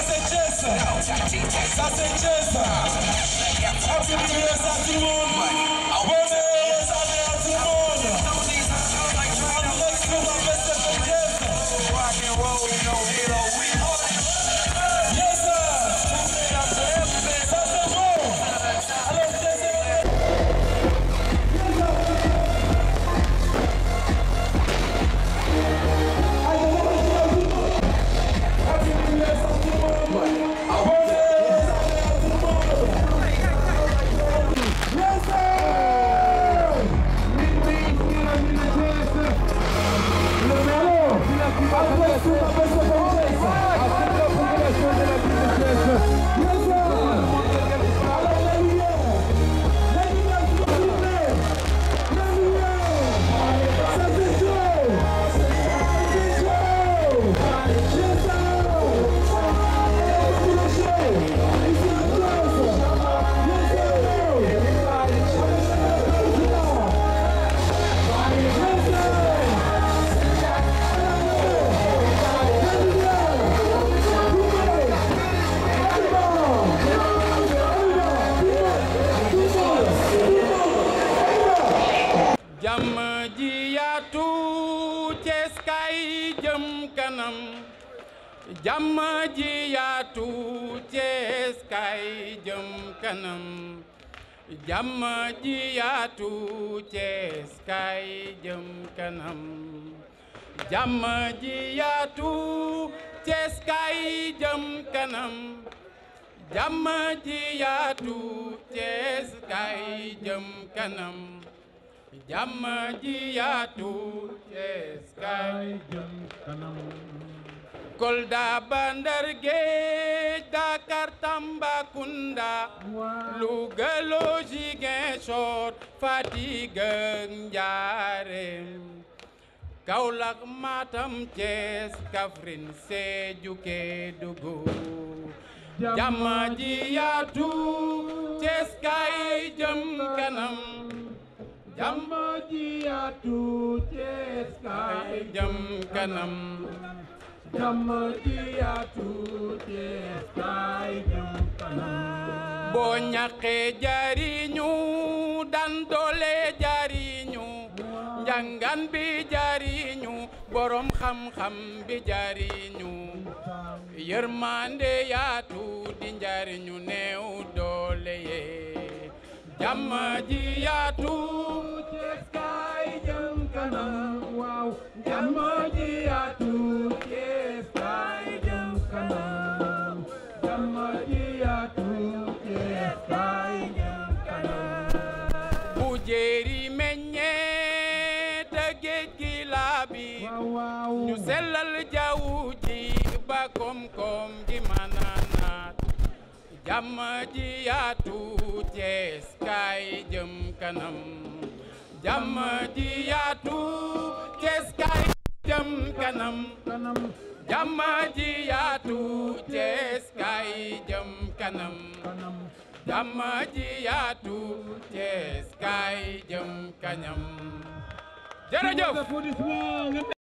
Ça c'est Jess Ça c'est Jess Abençoa, abençoa, abençoa. jëm kanam jàmm ji yaatu Cees Cees kay jëm kanam jàmm ji yaatu Cees Cees kay jëm kanam jàmm ji yaatu Cees kay jëm kanam Kolda Bandar Géej Dakar Tambacounda Louga Ziguinchor Fatick Njaaréem Kaolack Matam Thiès Kaffrine Sédhiou Kédougou jàmm ji yaatu Cees kay jëm kanam Jamajiyatu Cees kaay jëm kanam Jamajiyatu Cees kaay jëm kanam boo ñaqee jariñu dan jariñu njàngan bi jariñu borom xam-xam bi jariñu yërmande yaatu di njariñu néew do jàmm ji yaatu Cees kaay jëm kanam bu jéeri meññee te géej ñu sellal jaww ji ba koom-koom gi jàmm ji yaatu Cees kaay jëm kanam jàmm ji yaatu Cees kaay jëm kanam jàmm ji yaatu Cees kaay jëm kanam jàmm ji yaatu Cees kaay jëm kanam jërëjëf